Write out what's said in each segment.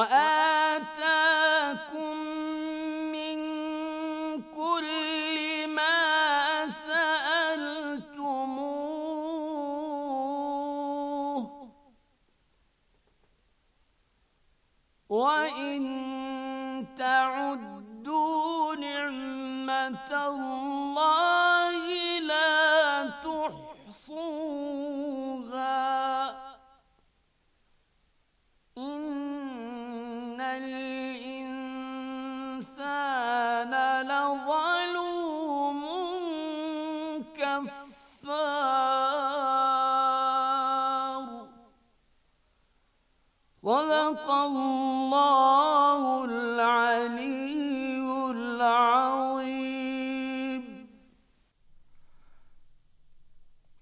وآل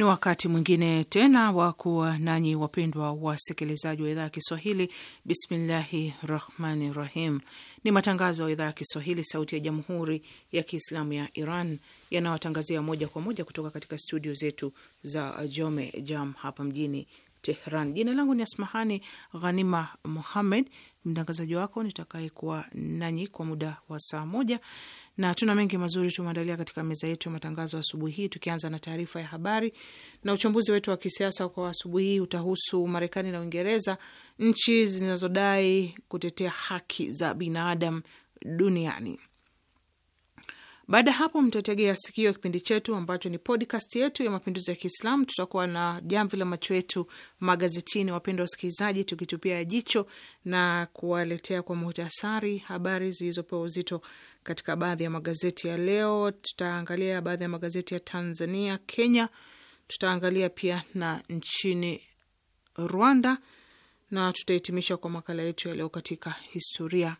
Ni wakati mwingine tena wa kuwa nanyi wapendwa wasikilizaji wa idhaa ya Kiswahili. Bismillahi rahmani rahim. Ni matangazo ya idhaa ya Kiswahili sauti ya jamhuri ya Kiislamu ya Iran yanayowatangazia moja kwa moja kutoka katika studio zetu za Jome Jam hapa mjini Tehran. Jina langu ni Asmahani Ghanima Muhammed, mtangazaji wako nitakaye kuwa nanyi kwa muda wa saa moja na tuna mengi mazuri tumeandalia katika meza yetu ya matangazo asubuhi hii, tukianza na taarifa ya habari na uchambuzi wetu wa kisiasa kwa asubuhi hii utahusu Marekani na Uingereza, nchi zinazodai kutetea haki za binadamu duniani. Baada ya hapo, mtategea sikio kipindi chetu ambacho ni podcast yetu ya mapinduzi ya Kiislamu. Tutakuwa na jamvi la macho yetu magazetini, wapendwa wasikilizaji, tukitupia jicho na kuwaletea kwa muhtasari habari zilizopewa uzito katika baadhi ya magazeti ya leo. Tutaangalia baadhi ya magazeti ya Tanzania, Kenya, tutaangalia pia na nchini Rwanda na tutahitimisha kwa makala yetu ya leo katika historia.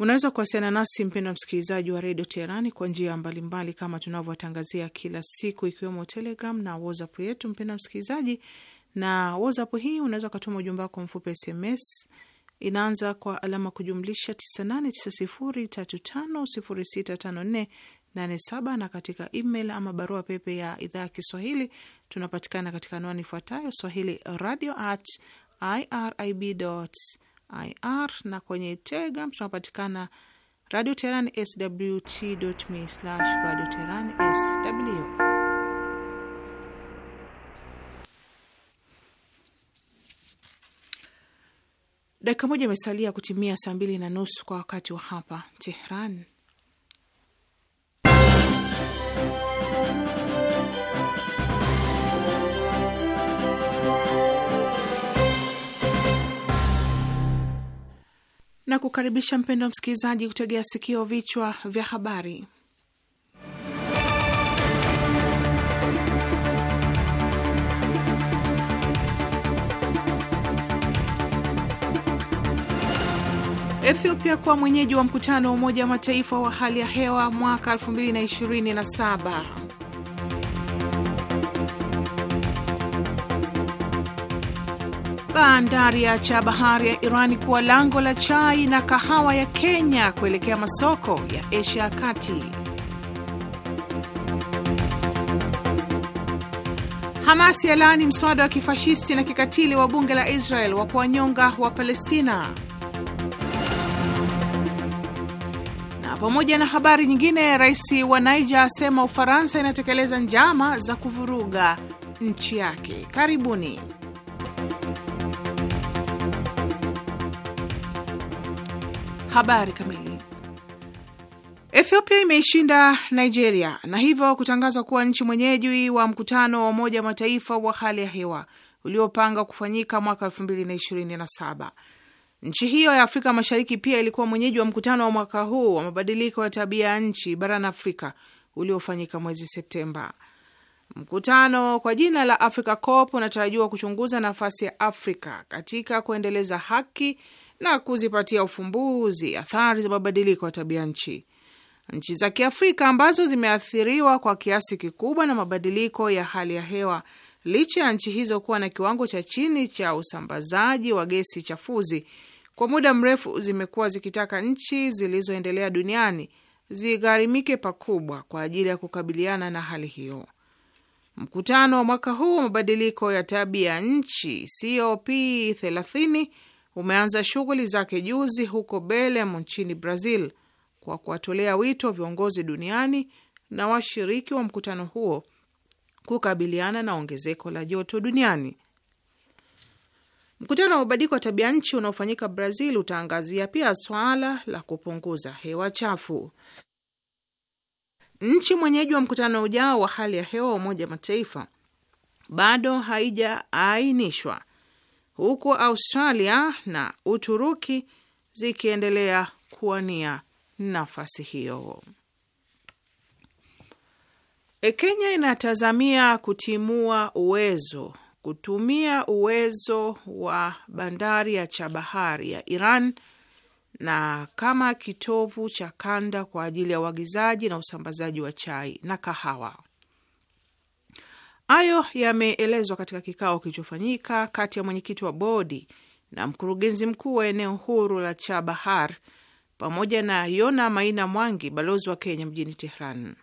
Unaweza kuwasiliana nasi mpendwa msikilizaji wa redio Teherani kwa njia mbalimbali, kama tunavyowatangazia kila siku, ikiwemo Telegram na WhatsApp yetu, mpendwa msikilizaji. Na WhatsApp hii unaweza ukatuma ujumbe wako mfupi SMS, inaanza kwa alama kujumlisha 989035065487 na katika email ama barua pepe ya idhaa ya Kiswahili tunapatikana katika anwani ifuatayo swahili radio at irib ir na kwenye Telegram tunapatikana Radio Teheran swt.me slash Radio Teheran sw. Dakika moja imesalia kutimia saa mbili na nusu kwa wakati wa hapa Tehran. na kukaribisha mpendo wa msikilizaji kutegea sikio vichwa vya habari. Ethiopia kuwa mwenyeji wa mkutano wa Umoja wa Mataifa wa hali ya hewa mwaka 2027. bandari ya cha bahari ya Irani kuwa lango la chai na kahawa ya Kenya kuelekea masoko ya Asia ya Kati. Hamas laani mswada wa kifashisti na kikatili wa bunge la Israel wa kuwanyonga wa Palestina. Na pamoja na habari nyingine, rais wa Niger asema Ufaransa inatekeleza njama za kuvuruga nchi yake. Karibuni. Habari kamili. Ethiopia imeishinda Nigeria na hivyo kutangazwa kuwa nchi mwenyeji wa mkutano wa Umoja wa Mataifa wa hali ya hewa uliopanga kufanyika mwaka 227 Nchi hiyo ya Afrika Mashariki pia ilikuwa mwenyeji wa mkutano wa mwaka huu wa mabadiliko ya tabia ya nchi barani Afrika uliofanyika mwezi Septemba. Mkutano kwa jina la Africa COP unatarajiwa kuchunguza nafasi ya Afrika katika kuendeleza haki na kuzipatia ufumbuzi athari za mabadiliko ya tabia nchi. Nchi za Kiafrika ambazo zimeathiriwa kwa kiasi kikubwa na mabadiliko ya hali ya hewa, licha ya nchi hizo kuwa na kiwango cha chini cha usambazaji wa gesi chafuzi, kwa muda mrefu zimekuwa zikitaka nchi zilizoendelea duniani zigharimike pakubwa kwa ajili ya kukabiliana na hali hiyo. Mkutano wa mwaka huu wa mabadiliko ya tabia nchi COP 30 umeanza shughuli zake juzi huko Belem nchini Brazil kwa kuwatolea wito viongozi duniani na washiriki wa mkutano huo kukabiliana na ongezeko la joto duniani. Mkutano wa mabadiliko ya tabia nchi unaofanyika Brazil utaangazia pia swala la kupunguza hewa chafu. Nchi mwenyeji wa mkutano ujao wa hali ya hewa wa Umoja Mataifa bado haijaainishwa huku Australia na Uturuki zikiendelea kuwania nafasi hiyo. E, Kenya inatazamia kutimua uwezo kutumia uwezo wa bandari ya Chabahari ya Iran na kama kitovu cha kanda kwa ajili ya uagizaji na usambazaji wa chai na kahawa. Hayo yameelezwa katika kikao kilichofanyika kati ya mwenyekiti wa bodi na mkurugenzi mkuu wa eneo huru la Chabahar pamoja na Yona Maina Mwangi, balozi wa Kenya mjini Tehran.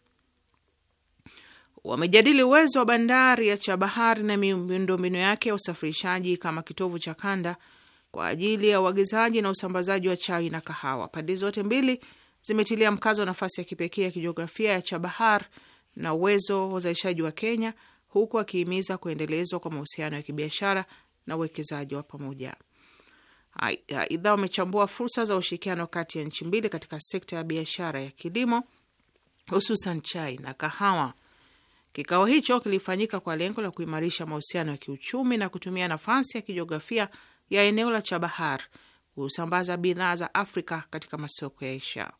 Wamejadili uwezo wa bandari ya Chabahar na miundombinu yake ya usafirishaji kama kitovu cha kanda kwa ajili ya uagizaji na usambazaji wa chai na kahawa. Pande zote mbili zimetilia mkazo wa nafasi ya kipekee ya kijiografia ya Chabahar na uwezo wa uzalishaji wa Kenya huku akihimiza kuendelezwa kwa mahusiano ya kibiashara na uwekezaji wa pamoja. Aidha, wamechambua fursa za ushirikiano kati ya nchi mbili katika sekta ya biashara ya kilimo, hususan chai na kahawa. Kikao hicho kilifanyika kwa lengo la kuimarisha mahusiano ya kiuchumi na kutumia nafasi ya kijiografia ya eneo la Chabahar kusambaza bidhaa za Afrika katika masoko ya Asia.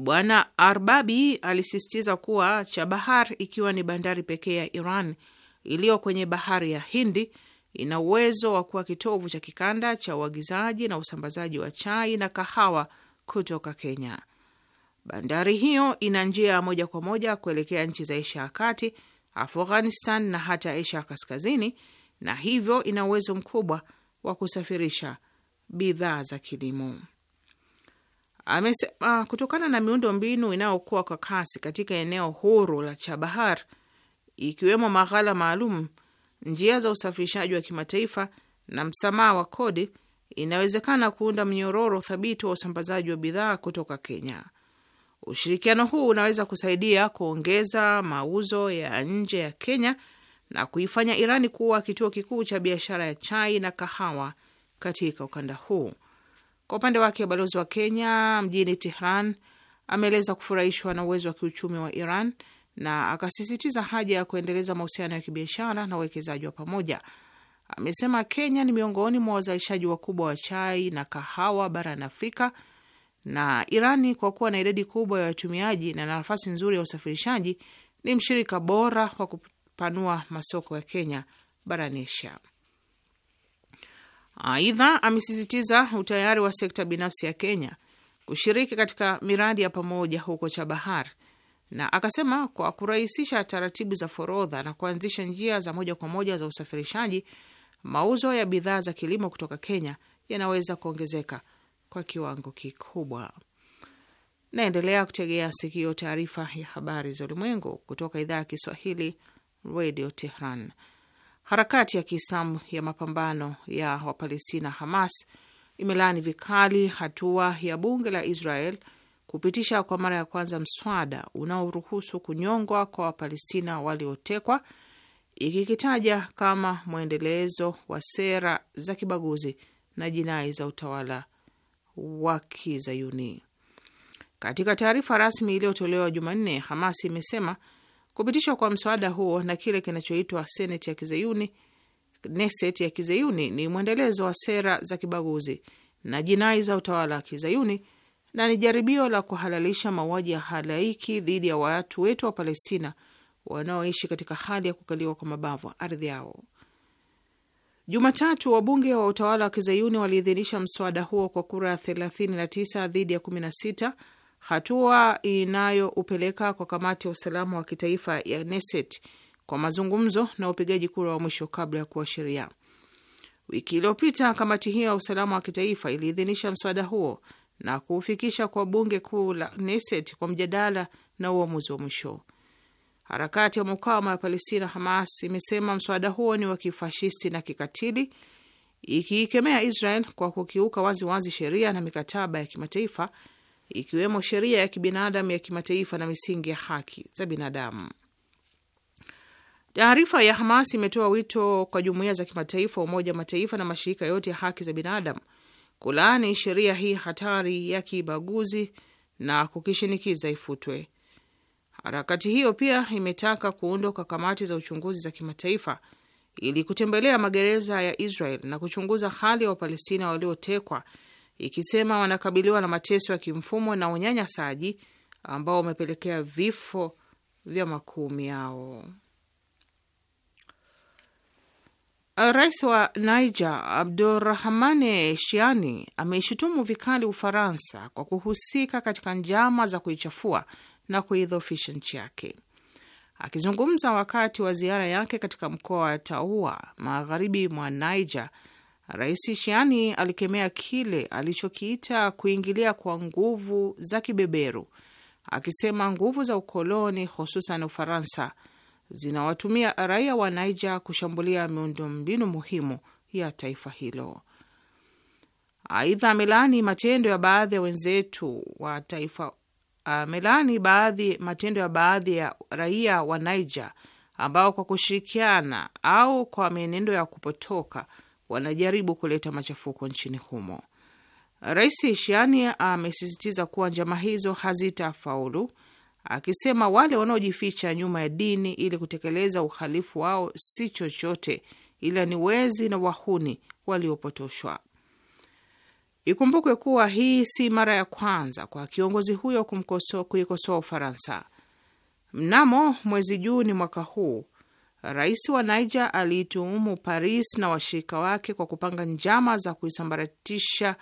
Bwana Arbabi alisisitiza kuwa Chabahar, ikiwa ni bandari pekee ya Iran iliyo kwenye bahari ya Hindi, ina uwezo wa kuwa kitovu cha kikanda cha uagizaji na usambazaji wa chai na kahawa kutoka Kenya. Bandari hiyo ina njia ya moja kwa moja kuelekea nchi za Asia ya Kati, Afghanistan na hata Asia ya Kaskazini, na hivyo ina uwezo mkubwa wa kusafirisha bidhaa za kilimo amesema kutokana na miundo mbinu inayokuwa kwa kasi katika eneo huru la Chabahar, ikiwemo maghala maalum, njia za usafirishaji wa kimataifa na msamaha wa kodi, inawezekana kuunda mnyororo thabiti wa usambazaji wa bidhaa kutoka Kenya. Ushirikiano huu unaweza kusaidia kuongeza mauzo ya nje ya Kenya na kuifanya Irani kuwa kituo kikuu cha biashara ya chai na kahawa katika ukanda huu. Kwa upande wake balozi wa Kenya mjini Tehran ameeleza kufurahishwa na uwezo wa kiuchumi wa Iran na akasisitiza haja ya kuendeleza mahusiano ya kibiashara na uwekezaji wa pamoja. Amesema Kenya ni miongoni mwa wazalishaji wakubwa wa chai na kahawa barani Afrika na Irani, kwa kuwa na idadi kubwa ya watumiaji na nafasi nzuri ya usafirishaji, ni mshirika bora wa kupanua masoko ya Kenya barani Asia. Aidha, amesisitiza utayari wa sekta binafsi ya Kenya kushiriki katika miradi ya pamoja huko Chabahar na akasema kwa kurahisisha taratibu za forodha na kuanzisha njia za moja kwa moja za usafirishaji, mauzo ya bidhaa za kilimo kutoka Kenya yanaweza kuongezeka kwa kiwango kikubwa. Naendelea kutegea sikio taarifa ya habari za ulimwengu kutoka idhaa ya Kiswahili, Radio Tehran. Harakati ya Kiislamu ya mapambano ya Wapalestina, Hamas, imelaani vikali hatua ya bunge la Israel kupitisha kwa mara ya kwanza mswada unaoruhusu kunyongwa kwa Wapalestina waliotekwa, ikikitaja kama mwendelezo wa sera za kibaguzi na jinai za utawala wa Kizayuni. Katika taarifa rasmi iliyotolewa Jumanne, Hamas imesema Kupitishwa kwa mswada huo na kile kinachoitwa seneti ya kizeyuni Neset ya kizeyuni ni mwendelezo wa sera za kibaguzi na jinai za utawala wa kizayuni na ni jaribio la kuhalalisha mauaji ya halaiki dhidi ya watu wetu wa Palestina wanaoishi katika hali ya kukaliwa kwa mabavu ardhi yao. Jumatatu, wabunge wa utawala wa kizayuni waliidhinisha mswada huo kwa kura 39 dhidi ya 16 hatua inayoupeleka kwa kamati ya usalama wa kitaifa ya Knesset kwa mazungumzo na upigaji kura wa mwisho kabla ya kuwa sheria. Wiki iliyopita kamati hiyo ya usalama wa kitaifa iliidhinisha mswada huo na kuufikisha kwa bunge kuu la Knesset kwa mjadala na uamuzi wa mwisho. Harakati ya mukawama ya Palestina, Hamas, imesema mswada huo ni wa kifashisti na kikatili, ikiikemea Israel kwa kukiuka waziwazi sheria na mikataba ya kimataifa ikiwemo sheria ya kibinadamu ya kimataifa na misingi ya haki za binadamu. Taarifa ya Hamas imetoa wito kwa jumuiya za kimataifa, Umoja wa Mataifa na mashirika yote ya haki za binadamu kulaani sheria hii hatari ya kibaguzi na kukishinikiza ifutwe. Harakati hiyo pia imetaka kuundwa kwa kamati za uchunguzi za kimataifa ili kutembelea magereza ya Israel na kuchunguza hali ya Wapalestina waliotekwa ikisema wanakabiliwa na mateso ya kimfumo na unyanyasaji ambao umepelekea vifo vya makumi yao. Rais wa Niger Abdurahmane Shiani ameishutumu vikali Ufaransa kwa kuhusika katika njama za kuichafua na kuidhofisha nchi yake. Akizungumza wakati wa ziara yake katika mkoa wa Taua magharibi mwa Niger, Rais Shiani alikemea kile alichokiita kuingilia kwa nguvu za kibeberu, akisema nguvu za ukoloni, hususan Ufaransa, zinawatumia raia wa Niger kushambulia miundombinu muhimu ya taifa hilo. Aidha, amelaani matendo ya baadhi ya wenzetu wa taifa amelaani baadhi matendo ya baadhi ya raia wa Niger ambao kwa kushirikiana au kwa mienendo ya kupotoka wanajaribu kuleta machafuko nchini humo. Rais Shiani amesisitiza kuwa njama hizo hazitafaulu, akisema wale wanaojificha nyuma ya dini ili kutekeleza uhalifu wao si chochote ila ni wezi na wahuni waliopotoshwa. Ikumbukwe kuwa hii si mara ya kwanza kwa kiongozi huyo kuikosoa Ufaransa. Mnamo mwezi Juni mwaka huu Rais wa Niger aliituhumu Paris na washirika wake kwa kupanga njama za kuisambaratisha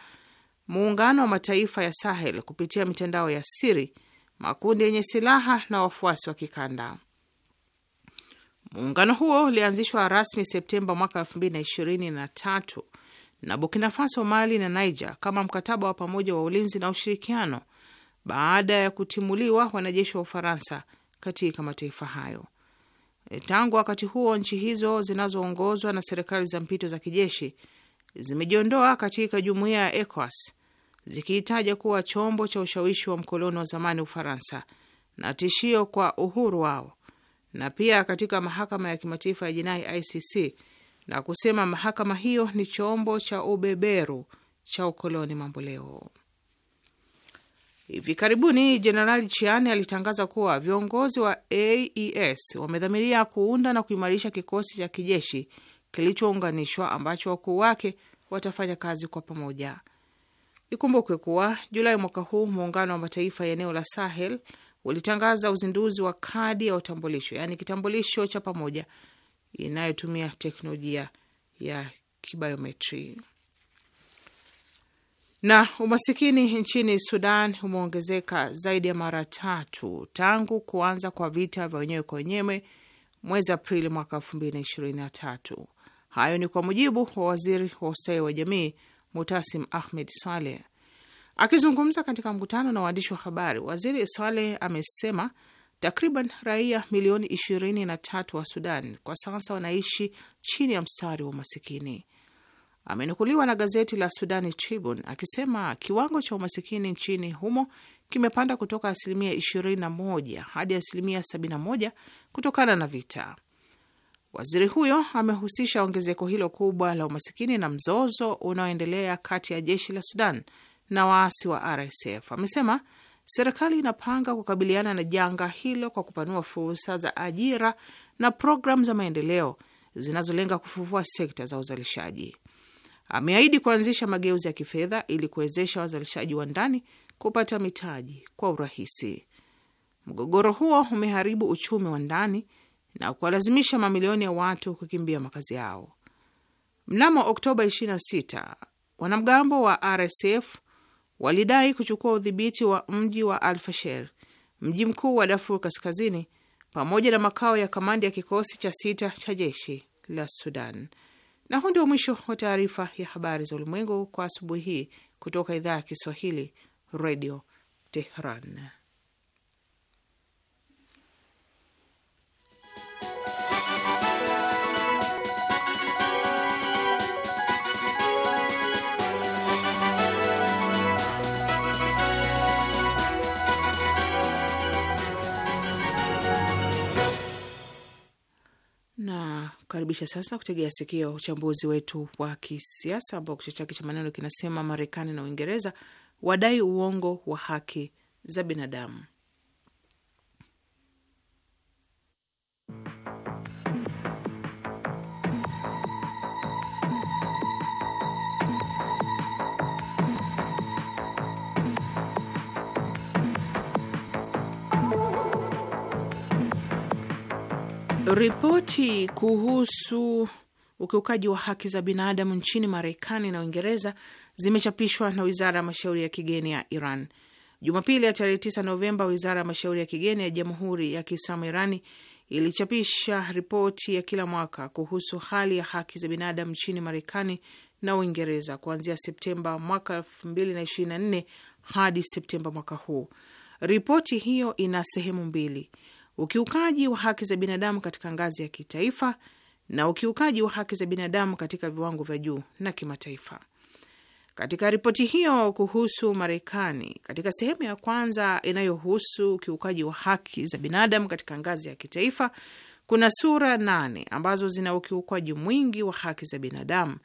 muungano wa mataifa ya Sahel kupitia mitandao ya siri, makundi yenye silaha na wafuasi wa kikanda. Muungano huo ulianzishwa rasmi Septemba mwaka 2023 na Burkina Faso, Mali na Niger kama mkataba wa pamoja wa ulinzi na ushirikiano baada ya kutimuliwa wanajeshi wa Ufaransa katika mataifa hayo. E, tangu wakati huo nchi hizo zinazoongozwa na serikali za mpito za kijeshi zimejiondoa katika jumuiya ya ECOWAS zikiitaja kuwa chombo cha ushawishi wa mkoloni wa zamani Ufaransa na tishio kwa uhuru wao, na pia katika mahakama ya kimataifa ya jinai ICC na kusema mahakama hiyo ni chombo cha ubeberu cha ukoloni mamboleo. Hivi karibuni Jenerali Chiani alitangaza kuwa viongozi wa AES wamedhamiria kuunda na kuimarisha kikosi cha kijeshi kilichounganishwa ambacho wakuu wake watafanya kazi kwa pamoja. Ikumbukwe kuwa Julai mwaka huu muungano wa mataifa ya eneo la Sahel ulitangaza uzinduzi wa kadi ya utambulisho, yaani kitambulisho cha pamoja inayotumia teknolojia ya kibayometri. Na umasikini nchini Sudan umeongezeka zaidi ya mara tatu tangu kuanza kwa vita vya wenyewe kwa wenyewe mwezi Aprili mwaka tatu. Hayo ni kwa mujibu wa waziri wa ustawi wa jamii Mutasim Ahmed Saleh. Akizungumza katika mkutano na waandishi wa habari, waziri Saleh amesema takriban raia milioni 23 wa Sudan kwa sasa wanaishi chini ya mstari wa umasikini amenukuliwa na gazeti la Sudani Tribune akisema kiwango cha umasikini nchini humo kimepanda kutoka asilimia 21 hadi asilimia 71 kutokana na vita. Waziri huyo amehusisha ongezeko hilo kubwa la umasikini na mzozo unaoendelea kati ya jeshi la Sudan na waasi wa RSF. Amesema serikali inapanga kukabiliana na janga hilo kwa kupanua fursa za ajira na programu za maendeleo zinazolenga kufufua sekta za uzalishaji. Ameahidi kuanzisha mageuzi ya kifedha ili kuwezesha wazalishaji wa ndani kupata mitaji kwa urahisi. Mgogoro huo umeharibu uchumi wa ndani na kuwalazimisha mamilioni ya watu kukimbia makazi yao. Mnamo Oktoba 26 wanamgambo wa RSF walidai kuchukua udhibiti wa mji wa Alfasher, mji mkuu wa Darfur Kaskazini, pamoja na makao ya kamandi ya kikosi cha sita cha jeshi la Sudan. Na huu ndio mwisho wa taarifa ya habari za ulimwengu kwa asubuhi hii kutoka idhaa ya Kiswahili, radio Tehran. na karibisha sasa kutegea sikio uchambuzi wetu wa kisiasa ambao kichwa chake cha maneno kinasema Marekani na Uingereza wadai uongo wa haki za binadamu. Ripoti kuhusu ukiukaji wa haki za binadamu nchini Marekani na Uingereza zimechapishwa na wizara ya mashauri ya kigeni ya Iran Jumapili ya tarehe 9 Novemba. Wizara ya mashauri ya kigeni ya Jamhuri ya Kiislamu Irani ilichapisha ripoti ya kila mwaka kuhusu hali ya haki za binadamu nchini Marekani na Uingereza kuanzia Septemba mwaka 2024 hadi Septemba mwaka huu. Ripoti hiyo ina sehemu mbili ukiukaji wa haki za binadamu katika ngazi ya kitaifa na ukiukaji wa haki za binadamu katika viwango vya juu na kimataifa. Katika ripoti hiyo kuhusu Marekani, katika sehemu ya kwanza inayohusu ukiukaji wa haki za binadamu katika ngazi ya kitaifa, kuna sura nane ambazo zina ukiukwaji mwingi wa haki za binadamu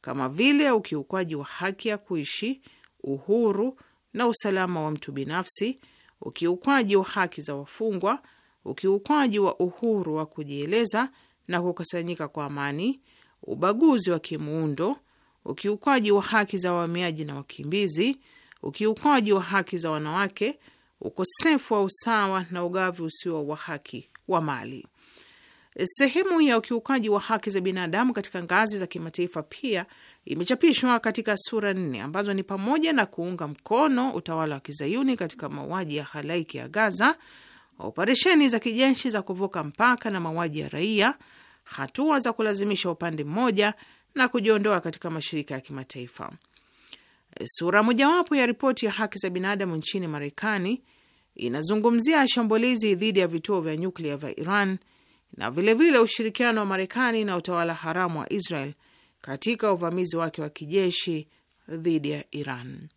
kama vile ukiukwaji wa haki ya kuishi, uhuru na usalama wa mtu binafsi, ukiukwaji wa haki za wafungwa ukiukwaji wa uhuru wa kujieleza na kukusanyika kwa amani, ubaguzi wa kimuundo, ukiukwaji wa haki za wahamiaji na wakimbizi, ukiukwaji wa haki za wanawake, ukosefu wa usawa na ugavi usio wa haki wa mali. Sehemu ya ukiukaji wa haki za binadamu katika ngazi za kimataifa pia imechapishwa katika sura nne ambazo ni pamoja na kuunga mkono utawala wa kizayuni katika mauaji ya halaiki ya Gaza, operesheni za kijeshi za kuvuka mpaka na mauaji ya raia, hatua za kulazimisha upande mmoja na kujiondoa katika mashirika ya kimataifa. Sura mojawapo ya ripoti ya haki za binadamu nchini Marekani inazungumzia shambulizi dhidi ya vituo vya nyuklia vya Iran na vilevile vile ushirikiano wa Marekani na utawala haramu wa Israel katika uvamizi wake wa kijeshi dhidi ya Iran.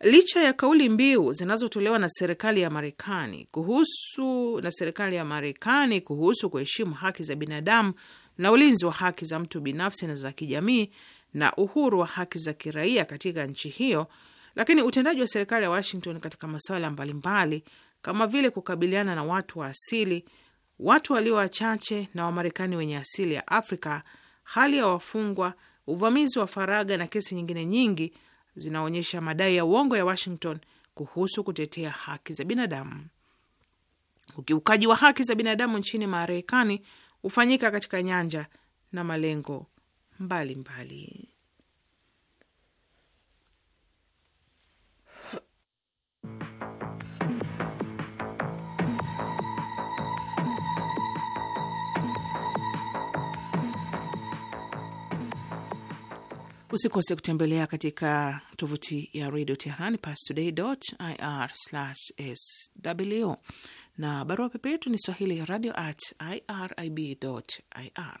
Licha ya kauli mbiu zinazotolewa na serikali ya Marekani kuhusu na serikali ya Marekani kuhusu kuheshimu haki za binadamu na ulinzi wa haki za mtu binafsi na za kijamii na uhuru wa haki za kiraia katika nchi hiyo, lakini utendaji wa serikali ya Washington katika masuala mbalimbali kama vile kukabiliana na watu wa asili, watu walio wachache na Wamarekani wenye asili ya Afrika, hali ya wafungwa, uvamizi wa faraga na kesi nyingine nyingi zinaonyesha madai ya uongo ya Washington kuhusu kutetea haki za binadamu. Ukiukaji wa haki za binadamu nchini Marekani hufanyika katika nyanja na malengo mbalimbali mbali. Usikose kutembelea katika tovuti ya redio Teherani pastoday.ir/sw, na barua pepe yetu ni swahili radio at irib.ir.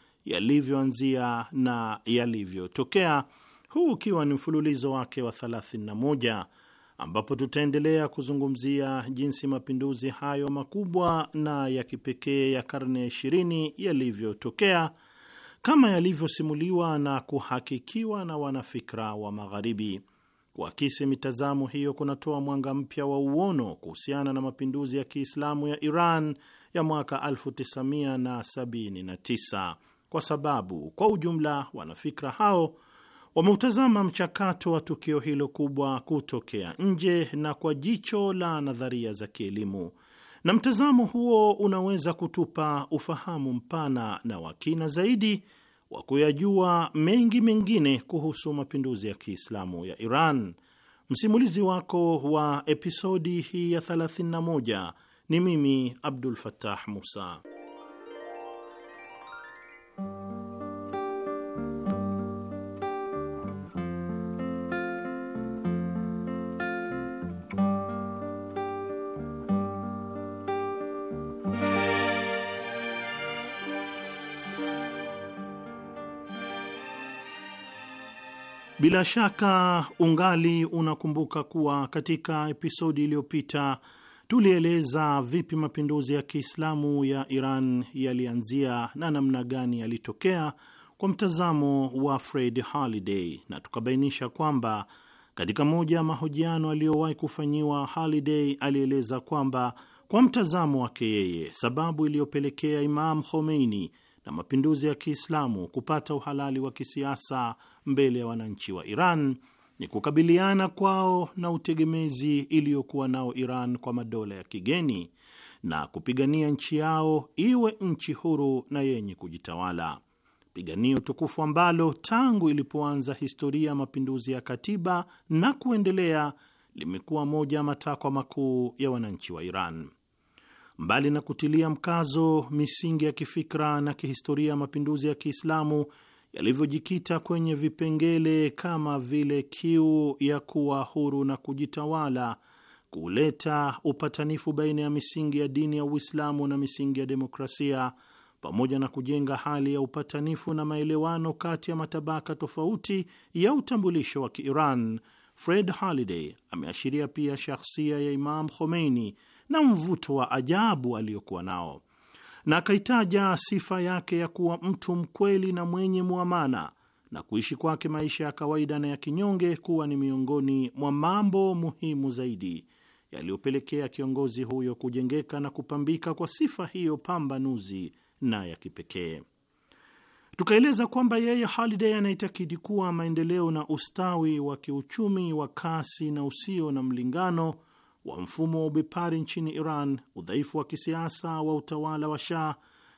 yalivyoanzia na yalivyotokea, huu ukiwa ni mfululizo wake wa 31 ambapo tutaendelea kuzungumzia jinsi mapinduzi hayo makubwa na ya kipekee ya karne ya 20 yalivyotokea kama yalivyosimuliwa na kuhakikiwa na wanafikra wa Magharibi. Kuakisi mitazamo hiyo kunatoa mwanga mpya wa uono kuhusiana na mapinduzi ya Kiislamu ya Iran ya mwaka 1979 kwa sababu kwa ujumla wanafikra hao wameutazama mchakato wa tukio hilo kubwa kutokea nje na kwa jicho la nadharia za kielimu, na mtazamo huo unaweza kutupa ufahamu mpana na wa kina zaidi wa kuyajua mengi mengine kuhusu mapinduzi ya Kiislamu ya Iran. Msimulizi wako wa episodi hii ya 31 ni mimi Abdul Fattah Musa. Bila shaka ungali unakumbuka kuwa katika episodi iliyopita tulieleza vipi mapinduzi ya Kiislamu ya Iran yalianzia na namna gani yalitokea kwa mtazamo wa Fred Haliday, na tukabainisha kwamba katika moja ya mahojiano aliyowahi kufanyiwa, Haliday alieleza kwamba kwa mtazamo wake yeye, sababu iliyopelekea Imam Khomeini na mapinduzi ya Kiislamu kupata uhalali wa kisiasa mbele ya wananchi wa Iran ni kukabiliana kwao na utegemezi iliyokuwa nao Iran kwa madola ya kigeni na kupigania nchi yao iwe nchi huru na yenye kujitawala, piganio tukufu ambalo tangu ilipoanza historia ya mapinduzi ya katiba na kuendelea limekuwa moja ya matakwa makuu ya wananchi wa Iran mbali na kutilia mkazo misingi ya kifikra na kihistoria ya mapinduzi ya Kiislamu yalivyojikita kwenye vipengele kama vile kiu ya kuwa huru na kujitawala, kuleta upatanifu baina ya misingi ya dini ya Uislamu na misingi ya demokrasia, pamoja na kujenga hali ya upatanifu na maelewano kati ya matabaka tofauti ya utambulisho wa Kiiran. Fred Haliday ameashiria pia shahsia ya Imam Khomeini na mvuto wa ajabu aliyokuwa nao, na akaitaja sifa yake ya kuwa mtu mkweli na mwenye muamana na kuishi kwake maisha ya kawaida na ya kinyonge kuwa ni miongoni mwa mambo muhimu zaidi yaliyopelekea kiongozi huyo kujengeka na kupambika kwa sifa hiyo pambanuzi na ya kipekee. Tukaeleza kwamba yeye Haliday anaitakidi kuwa maendeleo na ustawi wa kiuchumi wa kasi na usio na mlingano wa mfumo wa ubepari nchini Iran, udhaifu wa kisiasa wa utawala wa Shah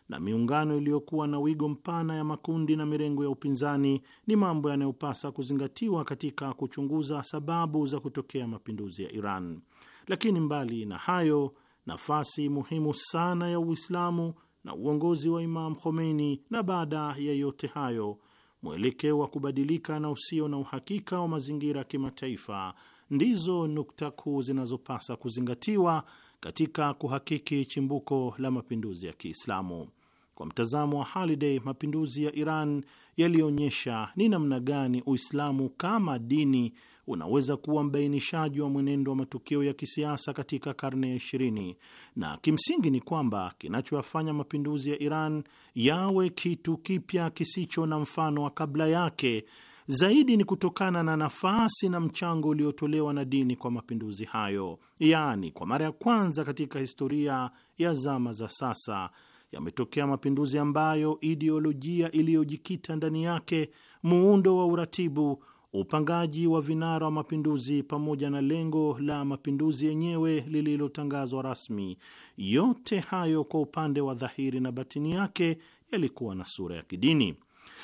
na miungano iliyokuwa na wigo mpana ya makundi na mirengo ya upinzani ni mambo yanayopasa kuzingatiwa katika kuchunguza sababu za kutokea mapinduzi ya Iran. Lakini mbali na hayo, nafasi muhimu sana ya Uislamu na uongozi wa Imam Khomeini, na baada ya yote hayo, mwelekeo wa kubadilika na usio na uhakika wa mazingira ya kimataifa ndizo nukta kuu zinazopasa kuzingatiwa katika kuhakiki chimbuko la mapinduzi ya Kiislamu. Kwa mtazamo wa Haliday, mapinduzi ya Iran yalionyesha ni namna gani Uislamu kama dini unaweza kuwa mbainishaji wa mwenendo wa matukio ya kisiasa katika karne ya ishirini, na kimsingi ni kwamba kinachoyafanya mapinduzi ya Iran yawe kitu kipya kisicho na mfano wa kabla yake zaidi ni kutokana na nafasi na mchango uliotolewa na dini kwa mapinduzi hayo, yaani kwa mara ya kwanza katika historia ya zama za sasa yametokea mapinduzi ambayo ideolojia iliyojikita ndani yake, muundo wa uratibu, upangaji wa vinara wa mapinduzi, pamoja na lengo la mapinduzi yenyewe lililotangazwa rasmi, yote hayo kwa upande wa dhahiri na batini yake yalikuwa na sura ya kidini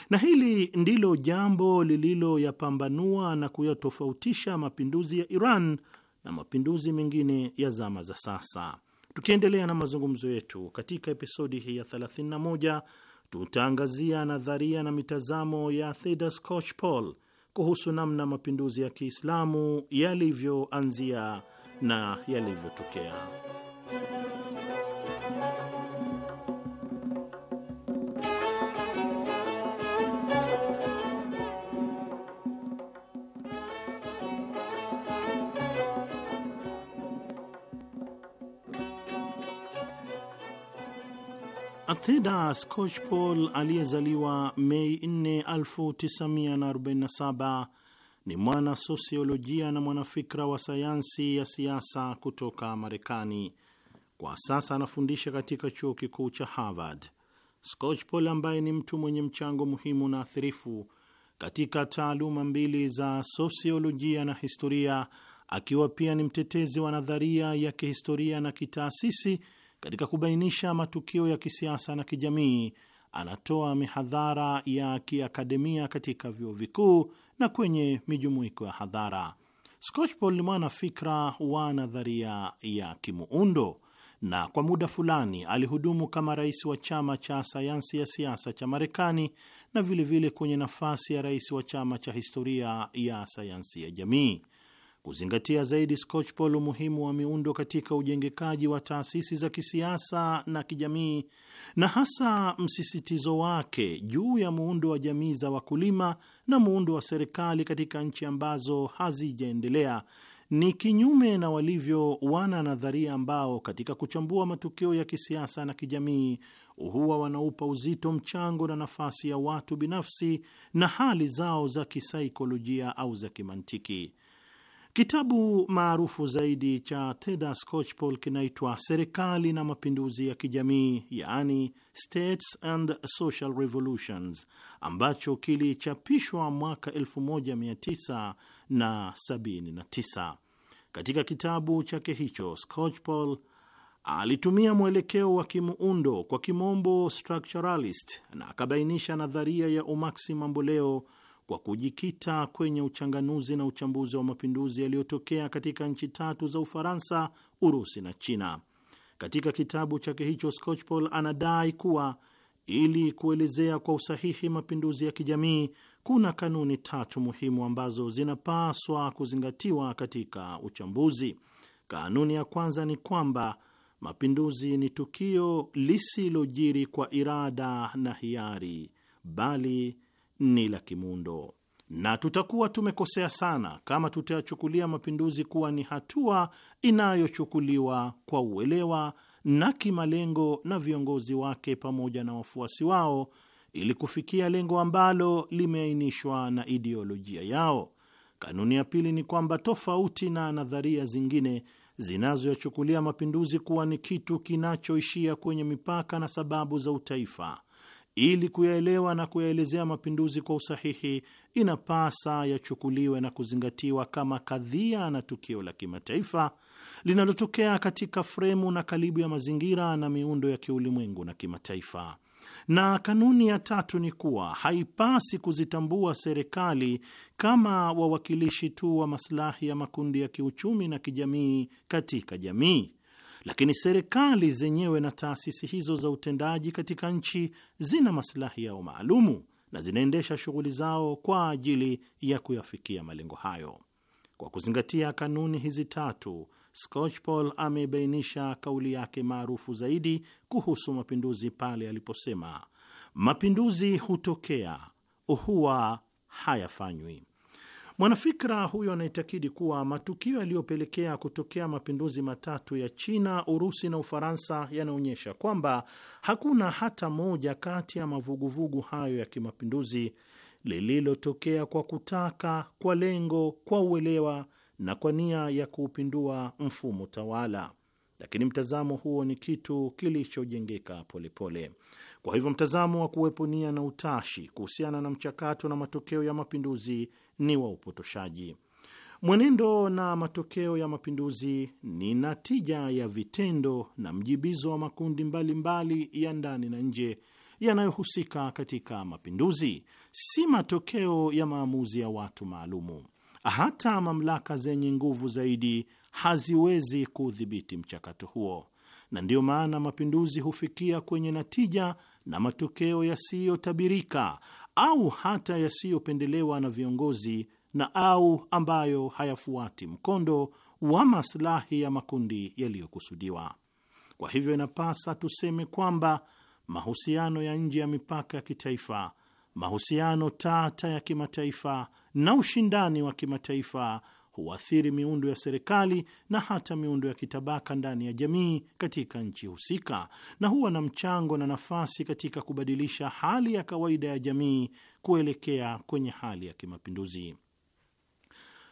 na hili ndilo jambo lililoyapambanua na kuyatofautisha mapinduzi ya Iran na mapinduzi mengine ya zama za sasa. Tukiendelea na mazungumzo yetu katika episodi hii ya 31, tutaangazia nadharia na mitazamo ya Theda Skocpol kuhusu namna mapinduzi ya Kiislamu yalivyoanzia na yalivyotokea. Atheda Scotchpole aliyezaliwa Mei 4, 1947 ni mwana sosiolojia na mwanafikra wa sayansi ya siasa kutoka Marekani. Kwa sasa anafundisha katika chuo kikuu cha Harvard. Scotchpol ambaye ni mtu mwenye mchango muhimu na athirifu katika taaluma mbili za sosiolojia na historia, akiwa pia ni mtetezi wa nadharia ya kihistoria na kitaasisi katika kubainisha matukio ya kisiasa na kijamii, anatoa mihadhara ya kiakademia katika vyuo vikuu na kwenye mijumuiko ya hadhara. Skocpol ni mwanafikra wa nadharia ya kimuundo na kwa muda fulani alihudumu kama rais wa chama cha sayansi ya siasa cha Marekani na vilevile vile kwenye nafasi ya rais wa chama cha historia ya sayansi ya jamii kuzingatia zaidi Skocpol umuhimu wa miundo katika ujengekaji wa taasisi za kisiasa na kijamii, na hasa msisitizo wake juu ya muundo wa jamii za wakulima na muundo wa serikali katika nchi ambazo hazijaendelea ni kinyume na walivyo wana nadharia ambao katika kuchambua matukio ya kisiasa na kijamii huwa wanaupa uzito mchango na nafasi ya watu binafsi na hali zao za kisaikolojia au za kimantiki. Kitabu maarufu zaidi cha Theda Skocpol kinaitwa Serikali na Mapinduzi ya Kijamii, yaani States and Social Revolutions, ambacho kilichapishwa mwaka 1979. Katika kitabu chake hicho Skocpol alitumia mwelekeo wa kimuundo kwa kimombo structuralist, na akabainisha nadharia ya umaksi mamboleo kwa kujikita kwenye uchanganuzi na uchambuzi wa mapinduzi yaliyotokea katika nchi tatu za Ufaransa, Urusi na China. Katika kitabu chake hicho, Skocpol anadai kuwa ili kuelezea kwa usahihi mapinduzi ya kijamii kuna kanuni tatu muhimu ambazo zinapaswa kuzingatiwa katika uchambuzi. Kanuni ya kwanza ni kwamba mapinduzi ni tukio lisilojiri kwa irada na hiari, bali ni la kimundo, na tutakuwa tumekosea sana kama tutayachukulia mapinduzi kuwa ni hatua inayochukuliwa kwa uelewa na kimalengo na viongozi wake pamoja na wafuasi wao ili kufikia lengo ambalo limeainishwa na ideolojia yao. Kanuni ya pili ni kwamba tofauti na nadharia zingine zinazoyachukulia mapinduzi kuwa ni kitu kinachoishia kwenye mipaka na sababu za utaifa, ili kuyaelewa na kuyaelezea mapinduzi kwa usahihi, inapasa yachukuliwe na kuzingatiwa kama kadhia na tukio la kimataifa linalotokea katika fremu na kalibu ya mazingira na miundo ya kiulimwengu na kimataifa. Na kanuni ya tatu ni kuwa haipasi kuzitambua serikali kama wawakilishi tu wa maslahi ya makundi ya kiuchumi na kijamii katika jamii lakini serikali zenyewe na taasisi hizo za utendaji katika nchi zina masilahi yao maalumu na zinaendesha shughuli zao kwa ajili ya kuyafikia malengo hayo. Kwa kuzingatia kanuni hizi tatu, Scotchpol amebainisha kauli yake maarufu zaidi kuhusu mapinduzi pale aliposema, mapinduzi hutokea, huwa hayafanywi. Mwanafikra huyo anaitakidi kuwa matukio yaliyopelekea kutokea mapinduzi matatu ya China, Urusi na Ufaransa yanaonyesha kwamba hakuna hata moja kati ya mavuguvugu hayo ya kimapinduzi lililotokea kwa kutaka, kwa lengo, kwa uelewa na kwa nia ya kuupindua mfumo tawala, lakini mtazamo huo ni kitu kilichojengeka polepole. Kwa hivyo mtazamo wa kuwepo nia na utashi kuhusiana na mchakato na matokeo ya mapinduzi ni wa upotoshaji. Mwenendo na matokeo ya mapinduzi ni natija ya vitendo na mjibizo wa makundi mbalimbali mbali ya ndani na nje yanayohusika katika mapinduzi, si matokeo ya maamuzi ya watu maalumu. Hata mamlaka zenye nguvu zaidi haziwezi kuudhibiti mchakato huo, na ndiyo maana mapinduzi hufikia kwenye natija na matokeo yasiyotabirika au hata yasiyopendelewa na viongozi na au ambayo hayafuati mkondo wa maslahi ya makundi yaliyokusudiwa. Kwa hivyo, inapasa tuseme kwamba mahusiano ya nje ya mipaka ya kitaifa, mahusiano tata ya kimataifa na ushindani wa kimataifa huathiri miundo ya serikali na hata miundo ya kitabaka ndani ya jamii katika nchi husika, na huwa na mchango na nafasi katika kubadilisha hali ya kawaida ya jamii kuelekea kwenye hali ya kimapinduzi.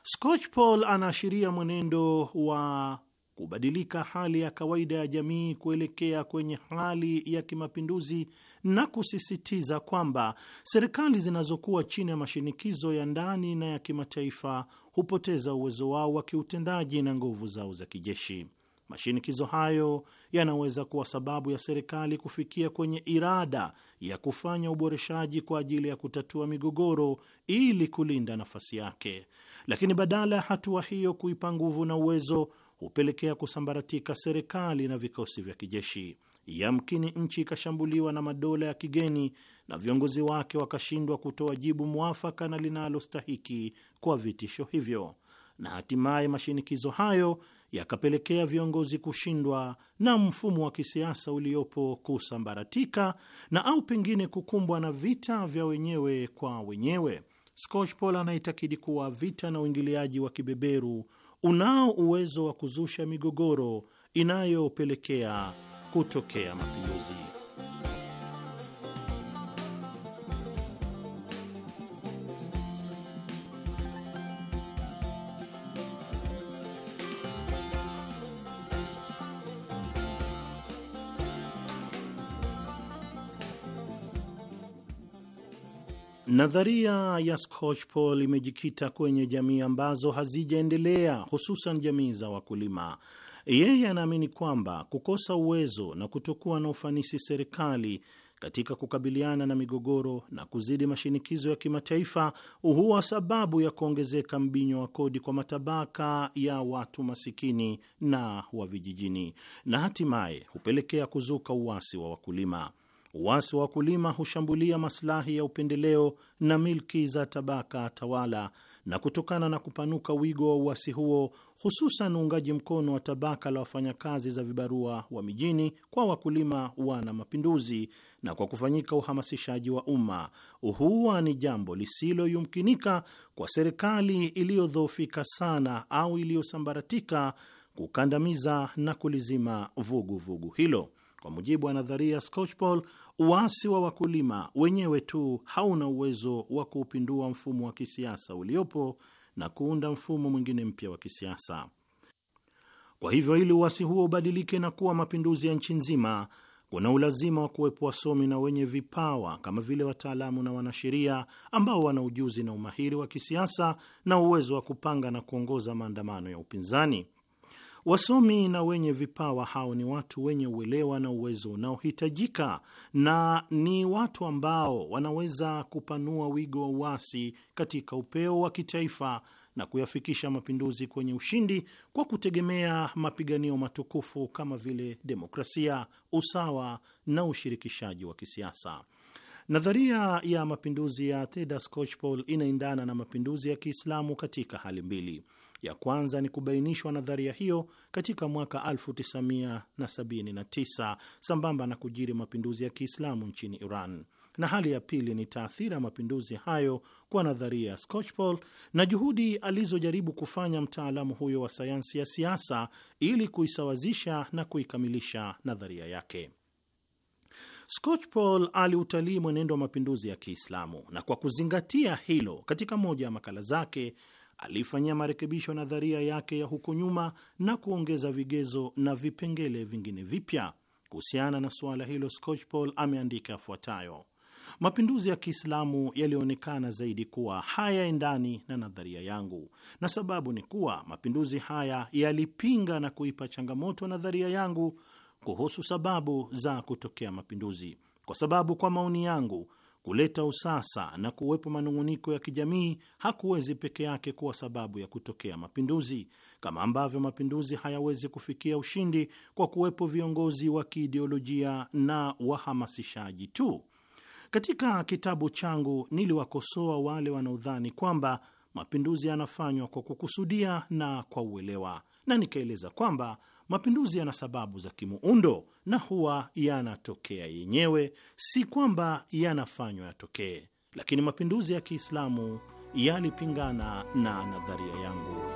Skocpol anaashiria mwenendo wa kubadilika hali ya kawaida ya jamii kuelekea kwenye hali ya kimapinduzi na kusisitiza kwamba serikali zinazokuwa chini ya mashinikizo ya ndani na ya kimataifa hupoteza uwezo wao wa kiutendaji na nguvu zao za kijeshi. Mashinikizo hayo yanaweza kuwa sababu ya serikali kufikia kwenye irada ya kufanya uboreshaji kwa ajili ya kutatua migogoro ili kulinda nafasi yake, lakini badala ya hatua hiyo kuipa nguvu na uwezo, hupelekea kusambaratika serikali na vikosi vya kijeshi yamkini nchi ikashambuliwa na madola ya kigeni na viongozi wake wakashindwa kutoa jibu mwafaka na linalostahiki kwa vitisho hivyo, na hatimaye mashinikizo hayo yakapelekea viongozi kushindwa na mfumo wa kisiasa uliopo kusambaratika na au pengine kukumbwa na vita vya wenyewe kwa wenyewe. Skocpol anaitakidi kuwa vita na uingiliaji wa kibeberu unao uwezo wa kuzusha migogoro inayopelekea kutokea mapinduzi. Nadharia ya Skocpol imejikita kwenye jamii ambazo hazijaendelea, hususan jamii za wakulima yeye anaamini kwamba kukosa uwezo na kutokuwa na ufanisi serikali katika kukabiliana na migogoro na kuzidi mashinikizo ya kimataifa huwa sababu ya kuongezeka mbinyo wa kodi kwa matabaka ya watu masikini na wa vijijini, na hatimaye hupelekea kuzuka uasi wa wakulima. Uasi wa wakulima hushambulia maslahi ya upendeleo na milki za tabaka tawala na kutokana na kupanuka wigo wa uasi huo, hususan uungaji mkono wa tabaka la wafanyakazi za vibarua wa mijini kwa wakulima wana mapinduzi na kwa kufanyika uhamasishaji wa umma, huwa ni jambo lisiloyumkinika kwa serikali iliyodhoofika sana au iliyosambaratika kukandamiza na kulizima vuguvugu vugu hilo. Kwa mujibu wa nadharia Skocpol, uasi wa wakulima wenyewe tu hauna uwezo wa kuupindua mfumo wa kisiasa uliopo na kuunda mfumo mwingine mpya wa kisiasa. Kwa hivyo, ili uasi huo ubadilike na kuwa mapinduzi ya nchi nzima, kuna ulazima wa kuwepo wasomi na wenye vipawa kama vile wataalamu na wanasheria ambao wana ujuzi na umahiri wa kisiasa na uwezo wa kupanga na kuongoza maandamano ya upinzani. Wasomi na wenye vipawa hao ni watu wenye uelewa na uwezo unaohitajika na ni watu ambao wanaweza kupanua wigo wa uasi katika upeo wa kitaifa na kuyafikisha mapinduzi kwenye ushindi kwa kutegemea mapiganio matukufu kama vile demokrasia, usawa na ushirikishaji wa kisiasa. Nadharia ya mapinduzi ya Theda Skocpol inaendana na mapinduzi ya Kiislamu katika hali mbili. Ya kwanza ni kubainishwa nadharia hiyo katika mwaka 1979 sambamba na kujiri mapinduzi ya Kiislamu nchini Iran, na hali ya pili ni taathira ya mapinduzi hayo kwa nadharia ya Scotchpol na juhudi alizojaribu kufanya mtaalamu huyo wa sayansi ya siasa ili kuisawazisha na kuikamilisha nadharia yake. Scotchpol aliutalii mwenendo wa mapinduzi ya Kiislamu, na kwa kuzingatia hilo, katika moja ya makala zake alifanyia marekebisho nadharia yake ya huko nyuma na kuongeza vigezo na vipengele vingine vipya. Kuhusiana na suala hilo, Scotchpol ameandika yafuatayo: Mapinduzi ya Kiislamu yalionekana zaidi kuwa hayaendani na nadharia yangu, na sababu ni kuwa mapinduzi haya yalipinga na kuipa changamoto nadharia yangu kuhusu sababu za kutokea mapinduzi, kwa sababu kwa maoni yangu Kuleta usasa na kuwepo manung'uniko ya kijamii hakuwezi peke yake kuwa sababu ya kutokea mapinduzi, kama ambavyo mapinduzi hayawezi kufikia ushindi kwa kuwepo viongozi wa kiideolojia na wahamasishaji tu. Katika kitabu changu niliwakosoa wale wanaodhani kwamba mapinduzi yanafanywa kwa kukusudia na kwa uelewa, na nikaeleza kwamba Mapinduzi yana sababu za kimuundo na huwa yanatokea yenyewe, si kwamba yanafanywa yatokee. Lakini mapinduzi ya Kiislamu yalipingana na nadharia yangu.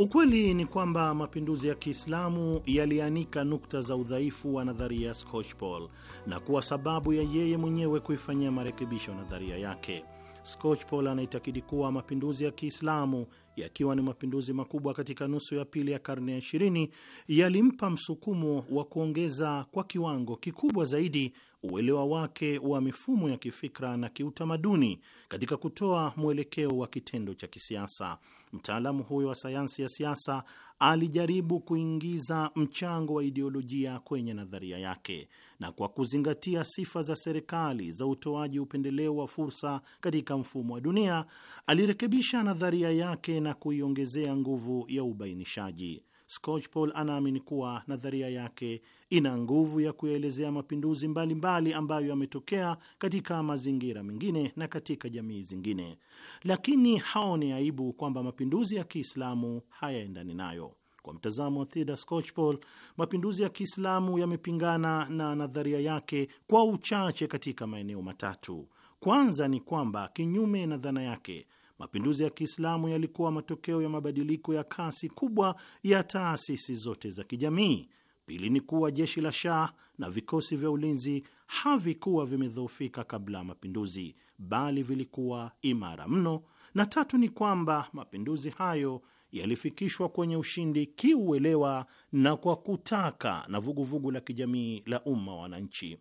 Ukweli ni kwamba mapinduzi ya Kiislamu yalianika nukta za udhaifu wa nadharia ya Skocpol na kuwa sababu ya yeye mwenyewe kuifanyia marekebisho nadharia yake. Skocpol anaitakidi kuwa mapinduzi ya Kiislamu yakiwa ni mapinduzi makubwa katika nusu ya pili ya karne ya 20 yalimpa msukumo wa kuongeza kwa kiwango kikubwa zaidi uelewa wake wa mifumo ya kifikra na kiutamaduni katika kutoa mwelekeo wa kitendo cha kisiasa. Mtaalamu huyo wa sayansi ya siasa alijaribu kuingiza mchango wa ideolojia kwenye nadharia yake, na kwa kuzingatia sifa za serikali za utoaji upendeleo wa fursa katika mfumo wa dunia, alirekebisha nadharia yake na kuiongezea nguvu ya ubainishaji. Skocpol anaamini kuwa nadharia yake ina nguvu ya kuyaelezea mapinduzi mbalimbali mbali ambayo yametokea katika mazingira mengine na katika jamii zingine, lakini haoni aibu kwamba mapinduzi ya Kiislamu hayaendani nayo. Kwa mtazamo wa Theda Skocpol, mapinduzi ya Kiislamu yamepingana na nadharia yake kwa uchache katika maeneo matatu. Kwanza ni kwamba kinyume na dhana yake Mapinduzi ya Kiislamu yalikuwa matokeo ya mabadiliko ya kasi kubwa ya taasisi zote za kijamii. Pili ni kuwa jeshi la Shah na vikosi vya ulinzi havikuwa vimedhoofika kabla ya mapinduzi, bali vilikuwa imara mno, na tatu ni kwamba mapinduzi hayo yalifikishwa kwenye ushindi kiuelewa na kwa kutaka na vuguvugu vugu la kijamii la umma wananchi.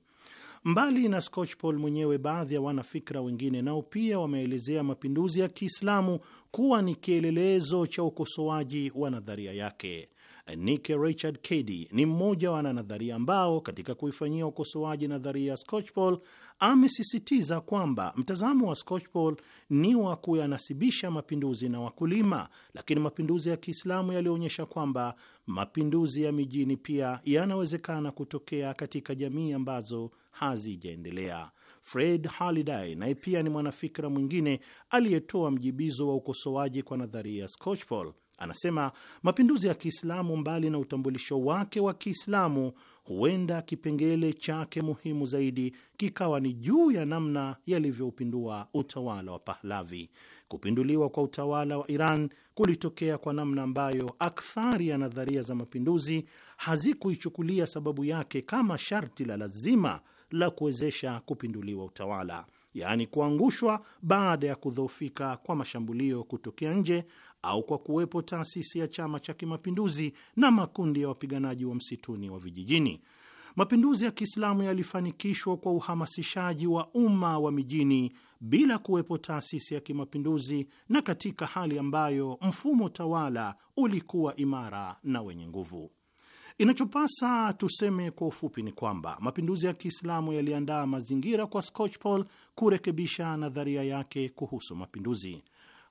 Mbali na Scotchpol mwenyewe, baadhi ya wanafikra wengine nao pia wameelezea mapinduzi ya Kiislamu kuwa ni kielelezo cha ukosoaji wa nadharia yake. Nike Richard Cady ni mmoja wa wananadharia ambao katika kuifanyia ukosoaji nadharia ya Scotchpol amesisitiza kwamba mtazamo wa Scotchpol ni wa kuyanasibisha mapinduzi na wakulima, lakini mapinduzi ya Kiislamu yaliyoonyesha kwamba mapinduzi ya mijini pia yanawezekana kutokea katika jamii ambazo hazijaendelea. Fred Haliday naye pia ni mwanafikra mwingine aliyetoa mjibizo wa ukosoaji kwa nadharia ya Scotchpol. Anasema mapinduzi ya Kiislamu, mbali na utambulisho wake wa Kiislamu, huenda kipengele chake muhimu zaidi kikawa ni juu ya namna yalivyoupindua utawala wa Pahlavi. Kupinduliwa kwa utawala wa Iran kulitokea kwa namna ambayo akthari ya nadharia za mapinduzi hazikuichukulia sababu yake kama sharti la lazima la kuwezesha kupinduliwa utawala, yaani kuangushwa baada ya kudhoofika kwa mashambulio kutokea nje au kwa kuwepo taasisi ya Chama cha Kimapinduzi na makundi ya wapiganaji wa msituni wa vijijini. Mapinduzi ya Kiislamu yalifanikishwa kwa uhamasishaji wa umma wa mijini bila kuwepo taasisi ya kimapinduzi na katika hali ambayo mfumo tawala ulikuwa imara na wenye nguvu. Inachopasa tuseme kwa ufupi ni kwamba mapinduzi ya Kiislamu yaliandaa mazingira kwa Scotchpol kurekebisha nadharia yake kuhusu mapinduzi.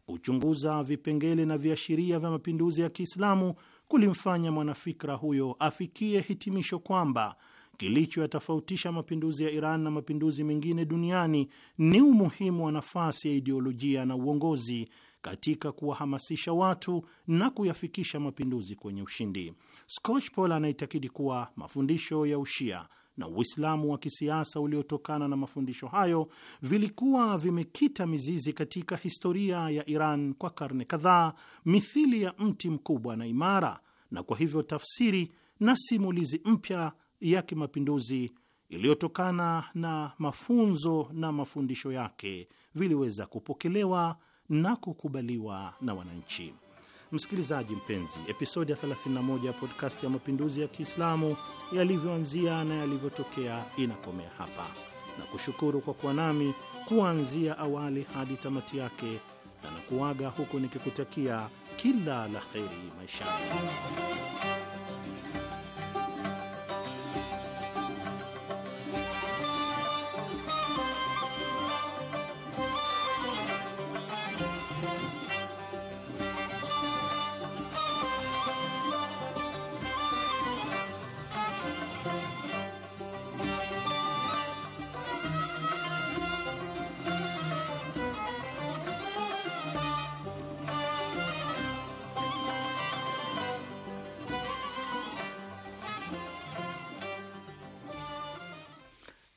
Kuchunguza vipengele na viashiria vya mapinduzi ya Kiislamu kulimfanya mwanafikra huyo afikie hitimisho kwamba kilicho yatofautisha mapinduzi ya Iran na mapinduzi mengine duniani ni umuhimu wa nafasi ya ideolojia na uongozi katika kuwahamasisha watu na kuyafikisha mapinduzi kwenye ushindi. Skocpol anaitakidi kuwa mafundisho ya Ushia na Uislamu wa kisiasa uliotokana na mafundisho hayo vilikuwa vimekita mizizi katika historia ya Iran kwa karne kadhaa, mithili ya mti mkubwa na imara, na kwa hivyo tafsiri na simulizi mpya ya kimapinduzi iliyotokana na mafunzo na mafundisho yake viliweza kupokelewa na kukubaliwa na wananchi. Msikilizaji mpenzi, episodi ya 31 ya podcast ya mapinduzi ya Kiislamu yalivyoanzia na yalivyotokea inakomea hapa, na kushukuru kwa kuwa nami kuanzia awali hadi tamati yake, na nakuaga huku nikikutakia kila la kheri maishani.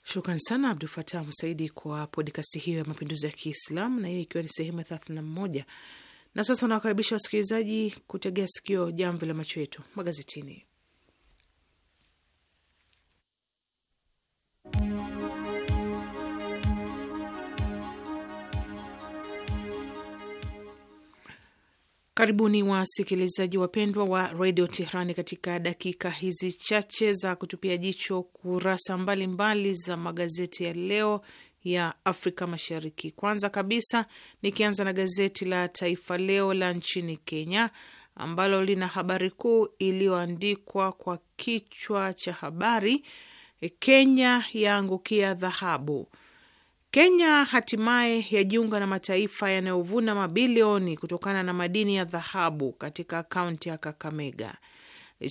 Shukrani sana Abdul Fatah Musaidi kwa podkasti hiyo ya mapinduzi ya Kiislamu, na hiyo ikiwa ni sehemu ya thelathini na mmoja. Na sasa nawakaribisha wasikilizaji kutegea sikio jamvi la macho yetu magazetini. Karibuni wasikilizaji wapendwa wa redio Tehrani katika dakika hizi chache za kutupia jicho kurasa mbalimbali mbali za magazeti ya leo ya Afrika Mashariki. Kwanza kabisa nikianza na gazeti la Taifa Leo la nchini Kenya ambalo lina habari kuu iliyoandikwa kwa kichwa cha habari, Kenya yaangukia dhahabu, Kenya hatimaye yajiunga na mataifa yanayovuna mabilioni kutokana na madini ya dhahabu katika kaunti ya Kakamega.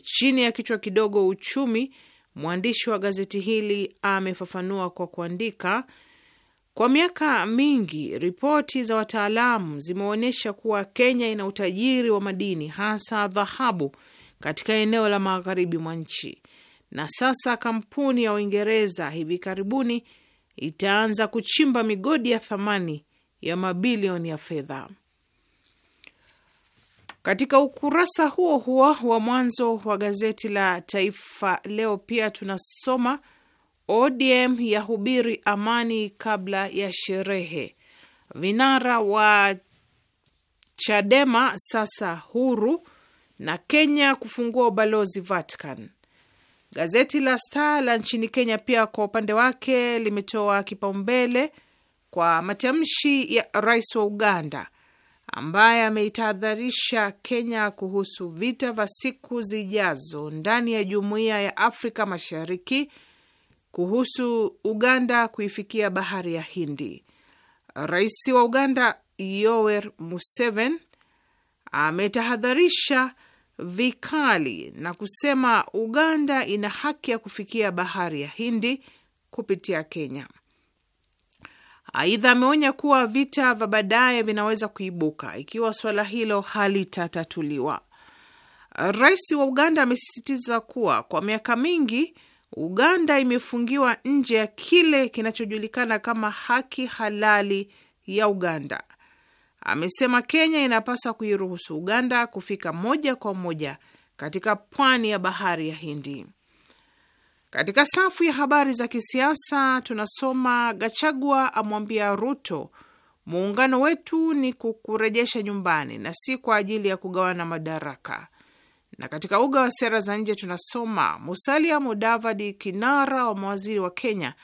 Chini ya kichwa kidogo uchumi, mwandishi wa gazeti hili amefafanua kwa kuandika, kwa miaka mingi ripoti za wataalamu zimeonyesha kuwa Kenya ina utajiri wa madini hasa dhahabu katika eneo la magharibi mwa nchi, na sasa kampuni ya Uingereza hivi karibuni itaanza kuchimba migodi ya thamani ya mabilioni ya fedha. Katika ukurasa huo huo wa mwanzo wa gazeti la Taifa Leo pia tunasoma ODM ya hubiri amani kabla ya sherehe. Vinara wa Chadema sasa huru na Kenya kufungua ubalozi Vatican. Gazeti la Star la nchini Kenya pia kwa upande wake limetoa kipaumbele kwa matamshi ya rais wa Uganda ambaye ameitahadharisha Kenya kuhusu vita vya siku zijazo ndani ya jumuiya ya Afrika Mashariki kuhusu Uganda kuifikia bahari ya Hindi. Rais wa Uganda Yoweri Museveni ametahadharisha vikali na kusema Uganda ina haki ya kufikia bahari ya Hindi kupitia Kenya. Aidha, ameonya kuwa vita vya baadaye vinaweza kuibuka ikiwa suala hilo halitatatuliwa. Rais wa Uganda amesisitiza kuwa kwa miaka mingi Uganda imefungiwa nje ya kile kinachojulikana kama haki halali ya Uganda amesema Kenya inapaswa kuiruhusu Uganda kufika moja kwa moja katika pwani ya bahari ya Hindi. Katika safu ya habari za kisiasa tunasoma Gachagua amwambia Ruto, muungano wetu ni kukurejesha nyumbani na si kwa ajili ya kugawana madaraka. Na katika uga wa sera za nje tunasoma Musalia Mudavadi, kinara wa mawaziri wa Kenya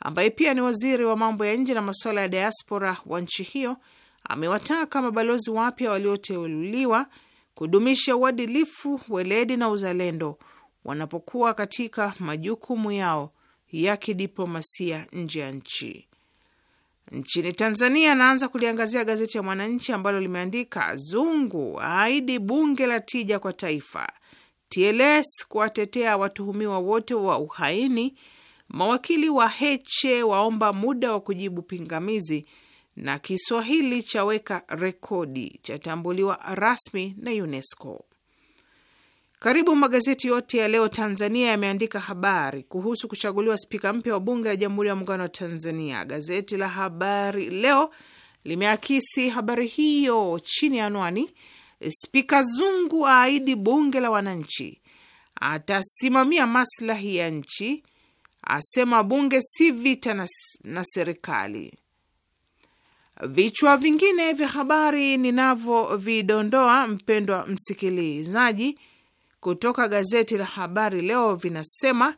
ambaye pia ni waziri wa mambo ya nje na masuala ya diaspora wa nchi hiyo amewataka mabalozi wapya walioteuliwa kudumisha uadilifu, weledi na uzalendo wanapokuwa katika majukumu yao ya kidiplomasia nje ya nchi. Nchini Tanzania, anaanza kuliangazia gazeti ya Mwananchi ambalo limeandika Zungu aahidi bunge la tija kwa taifa, TLS kuwatetea watuhumiwa wote wa uhaini, mawakili wa Heche waomba muda wa kujibu pingamizi na Kiswahili cha Weka Rekodi chatambuliwa rasmi na UNESCO. Karibu magazeti yote ya leo Tanzania yameandika habari kuhusu kuchaguliwa spika mpya wa bunge la Jamhuri ya Muungano wa Tanzania. Gazeti la Habari Leo limeakisi habari hiyo chini ya anwani, Spika Zungu aahidi bunge la wananchi, atasimamia maslahi ya nchi, asema bunge si vita na, na serikali. Vichwa vingine vya habari ninavyovidondoa, mpendwa msikilizaji, kutoka gazeti la Habari Leo vinasema: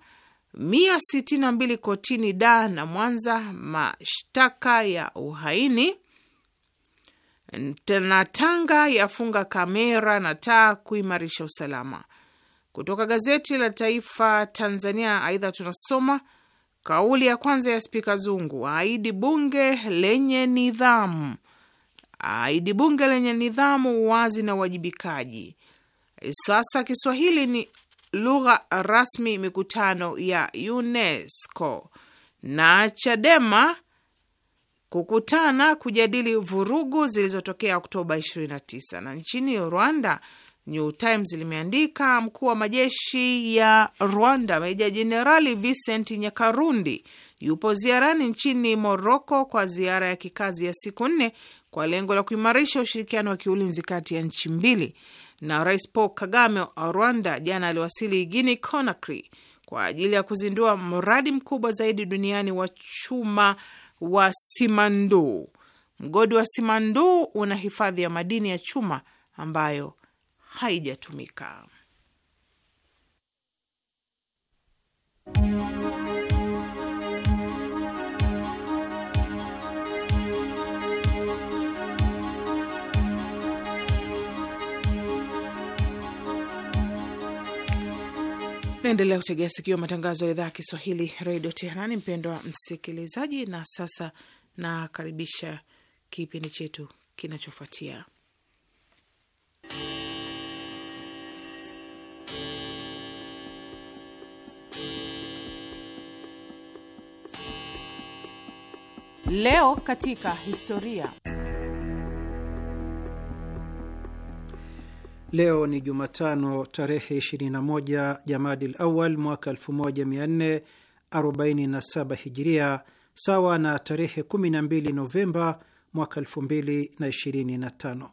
mia sitini na mbili kotini da na Mwanza, mashtaka ya uhaini na Tanga yafunga kamera na taa kuimarisha usalama. Kutoka gazeti la Taifa Tanzania. Aidha tunasoma Kauli ya kwanza ya Spika Zungu aidi bunge lenye nidhamu, aidi bunge lenye nidhamu, uwazi na uwajibikaji. Sasa Kiswahili ni lugha rasmi mikutano ya UNESCO na Chadema kukutana kujadili vurugu zilizotokea Oktoba 29. Na nchini Rwanda New Times limeandika mkuu wa majeshi ya Rwanda Meja Jenerali Vincent Nyakarundi yupo ziarani nchini Moroko kwa ziara ya kikazi ya siku nne kwa lengo la kuimarisha ushirikiano wa kiulinzi kati ya nchi mbili. Na Rais Paul Kagame wa Rwanda jana aliwasili Guinea Conakry kwa ajili ya kuzindua mradi mkubwa zaidi duniani wa chuma wa simandu Mgodi wa Simandu una hifadhi ya madini ya chuma ambayo haijatumika. Naendelea kutegea sikio matangazo ya idhaa ya Kiswahili redio Teherani, mpendwa msikilizaji. Na sasa nakaribisha kipindi chetu kinachofuatia Leo katika historia. Leo ni Jumatano tarehe 21 Jamadil Awal mwaka 1447 Hijiria, sawa na tarehe 12 Novemba mwaka 2025.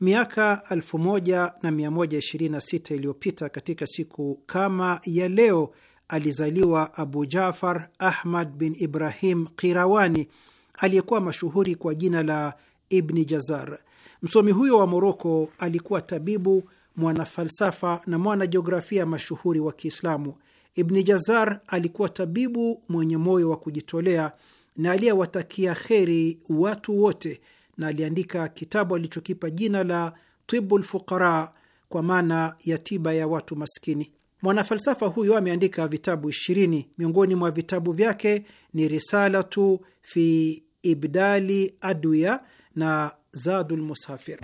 Miaka 1126 iliyopita katika siku kama ya leo alizaliwa Abu Jafar Ahmad bin Ibrahim Qirawani aliyekuwa mashuhuri kwa jina la Ibni Jazar. Msomi huyo wa Moroko alikuwa tabibu, mwanafalsafa na mwanajiografia mashuhuri wa Kiislamu. Ibni Jazar alikuwa tabibu mwenye moyo wa kujitolea na aliyewatakia kheri watu wote, na aliandika kitabu alichokipa jina la Tibu lfuqara, kwa maana ya tiba ya watu maskini. Mwanafalsafa huyo ameandika vitabu ishirini. Miongoni mwa vitabu vyake ni Risalatu fi Ibdali Adwiya na Zadul Musafir.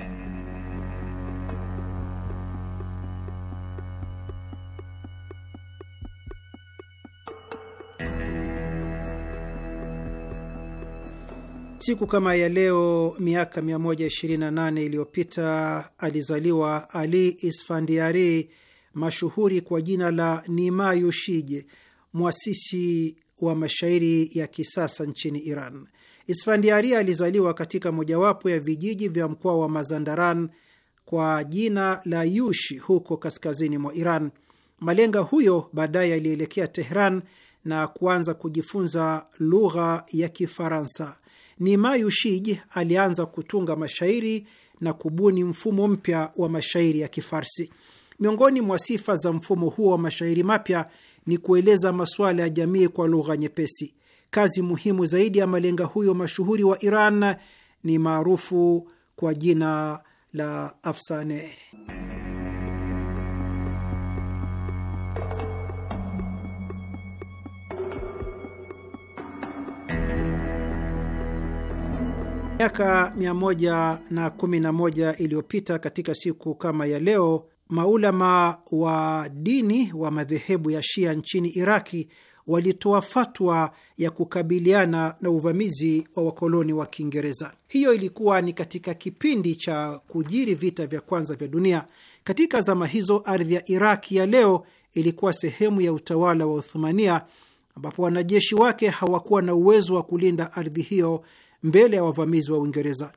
Siku kama ya leo miaka 128 iliyopita alizaliwa Ali Isfandiari mashuhuri kwa jina la nima yushij mwasisi wa mashairi ya kisasa nchini Iran. Isfandiari alizaliwa katika mojawapo ya vijiji vya mkoa wa Mazandaran kwa jina la Yushi huko kaskazini mwa Iran. Malenga huyo baadaye alielekea Tehran na kuanza kujifunza lugha ya Kifaransa. Nima Yushij alianza kutunga mashairi na kubuni mfumo mpya wa mashairi ya Kifarsi. Miongoni mwa sifa za mfumo huo wa mashairi mapya ni kueleza masuala ya jamii kwa lugha nyepesi kazi muhimu zaidi ya malenga huyo mashuhuri wa Iran ni maarufu kwa jina la Afsane. Miaka 111 iliyopita katika siku kama ya leo, maulama wa dini wa madhehebu ya Shia nchini Iraki walitoa fatwa ya kukabiliana na uvamizi wa wakoloni wa Kiingereza. Hiyo ilikuwa ni katika kipindi cha kujiri vita vya kwanza vya dunia. Katika zama hizo, ardhi ya Iraki ya leo ilikuwa sehemu ya utawala wa Uthumania, ambapo wanajeshi wake hawakuwa na uwezo wa kulinda ardhi hiyo mbele ya wavamizi wa Uingereza.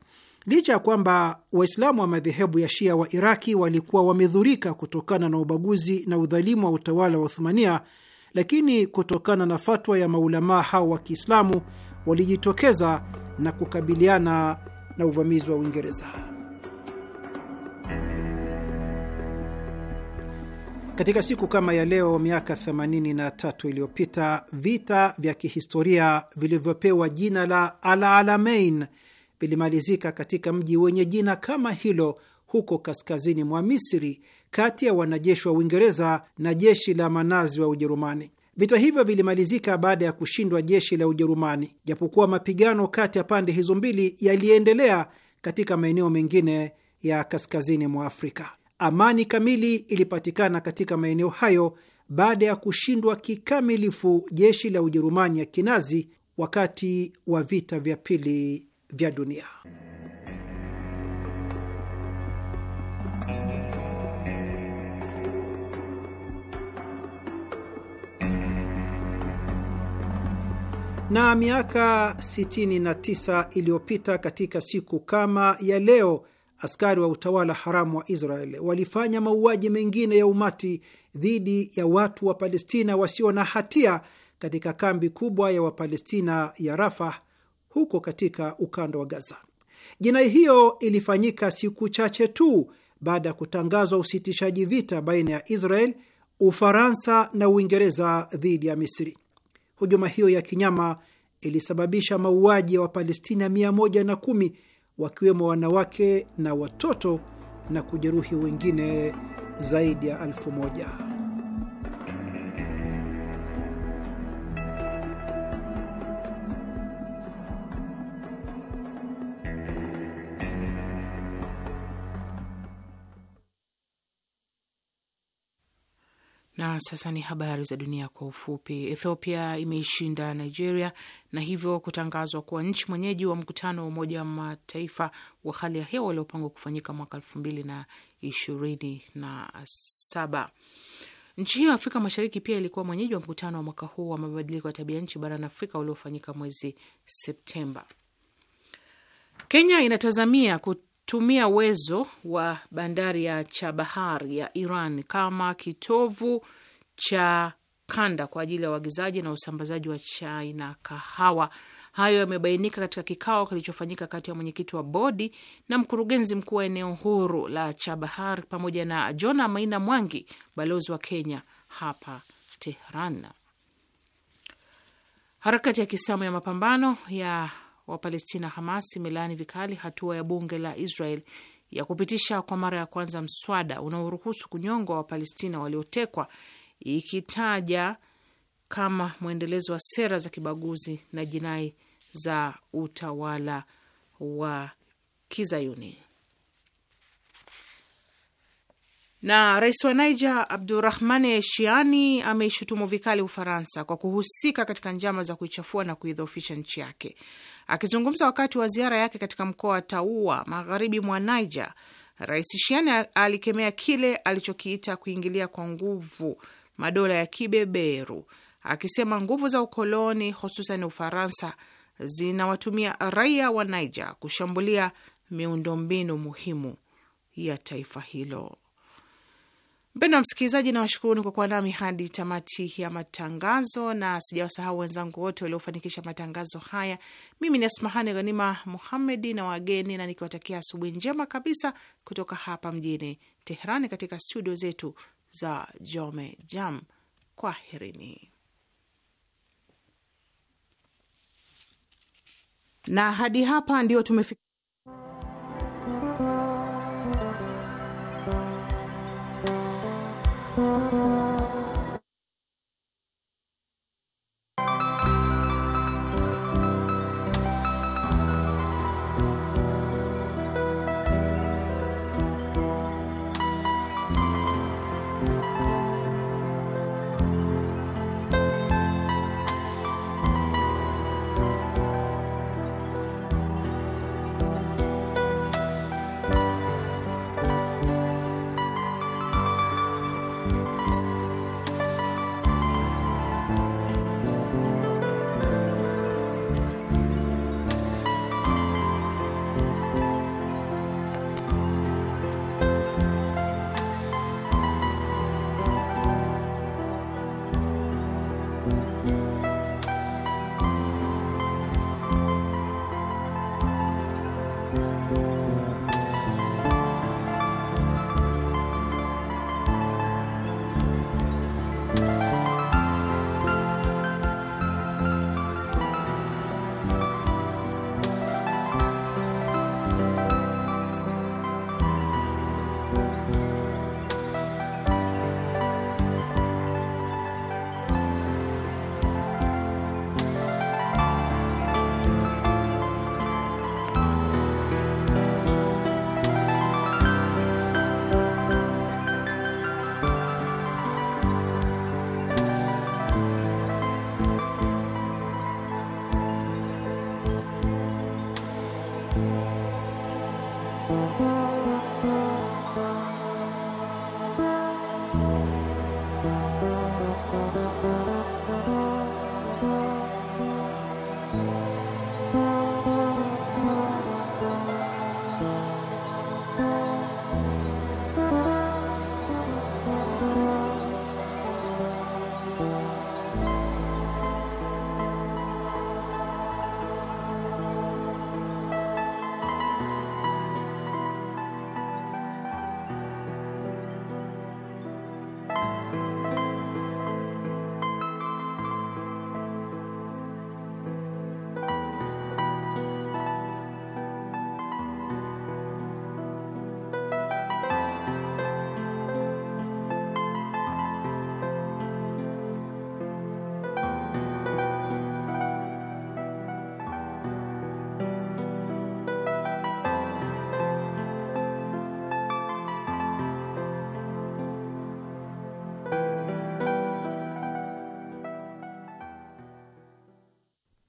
Licha ya kwamba Waislamu wa madhehebu ya Shia wa Iraki walikuwa wamedhurika kutokana na ubaguzi na udhalimu wa utawala wa Uthumania, lakini kutokana na fatwa ya maulamaa hao wa Kiislamu walijitokeza na kukabiliana na uvamizi wa Uingereza. Katika siku kama ya leo miaka 83 iliyopita vita vya kihistoria vilivyopewa jina la Al-Alamein vilimalizika katika mji wenye jina kama hilo huko kaskazini mwa Misri kati ya wanajeshi wa Uingereza na jeshi la manazi wa Ujerumani. Vita hivyo vilimalizika baada ya kushindwa jeshi la Ujerumani, japokuwa mapigano kati ya pande hizo mbili yaliendelea katika maeneo mengine ya kaskazini mwa Afrika. Amani kamili ilipatikana katika maeneo hayo baada ya kushindwa kikamilifu jeshi la Ujerumani ya kinazi wakati wa vita vya pili vya dunia. Na miaka 69 iliyopita katika siku kama ya leo, askari wa utawala haramu wa Israel walifanya mauaji mengine ya umati dhidi ya watu wa Palestina wasio na hatia katika kambi kubwa ya Wapalestina ya Rafah huko katika ukanda wa Gaza. Jinai hiyo ilifanyika siku chache tu baada ya kutangazwa usitishaji vita baina ya Israel, Ufaransa na Uingereza dhidi ya Misri hujuma hiyo ya kinyama ilisababisha mauaji ya Wapalestina mia moja na kumi wakiwemo wanawake na watoto na kujeruhi wengine zaidi ya elfu moja. Na sasa ni habari za dunia kwa ufupi. Ethiopia imeishinda Nigeria na hivyo kutangazwa kuwa nchi mwenyeji wa mkutano wa Umoja wa Mataifa wa hali ya hewa uliopangwa kufanyika mwaka elfu mbili na ishirini na saba. Nchi hiyo Afrika Mashariki pia ilikuwa mwenyeji wa mkutano wa mwaka huu wa mabadiliko ya tabia nchi barani Afrika uliofanyika mwezi Septemba. Kenya inatazamia kut tumia uwezo wa bandari ya Chabahar ya Iran kama kitovu cha kanda kwa ajili ya uagizaji na usambazaji wa chai na kahawa. Hayo yamebainika katika kikao kilichofanyika kati ya mwenyekiti wa bodi na mkurugenzi mkuu wa eneo huru la Chabahar pamoja na Jona Maina Mwangi, balozi wa Kenya hapa Tehran. Harakati ya Kiislamu ya mapambano ya wa Palestina Hamas imelaani vikali hatua ya bunge la Israel ya kupitisha kwa mara ya kwanza mswada unaoruhusu kunyongwa Wapalestina waliotekwa, ikitaja kama mwendelezo wa sera za kibaguzi na jinai za utawala wa Kizayuni. Na rais wa Niger Abdurahmane Shiani ameishutumu vikali Ufaransa kwa kuhusika katika njama za kuichafua na kuidhoofisha nchi yake. Akizungumza wakati wa ziara yake katika mkoa wa Taua, magharibi mwa Niger, Rais Shiani alikemea kile alichokiita kuingilia kwa nguvu madola ya kibeberu, akisema nguvu za ukoloni hususan Ufaransa zinawatumia raia wa Niger kushambulia miundombinu muhimu ya taifa hilo wa msikilizaji, na washukuruni kwa kuwa nami hadi tamati ya matangazo, na sijawasahau wenzangu wote waliofanikisha matangazo haya. Mimi ni Asmahani Ghanima Muhamedi na wageni, na nikiwatakia asubuhi njema kabisa kutoka hapa mjini Teherani, katika studio zetu za Jome Jam. Kwaherini. Na hadi hapa ndio tumefika.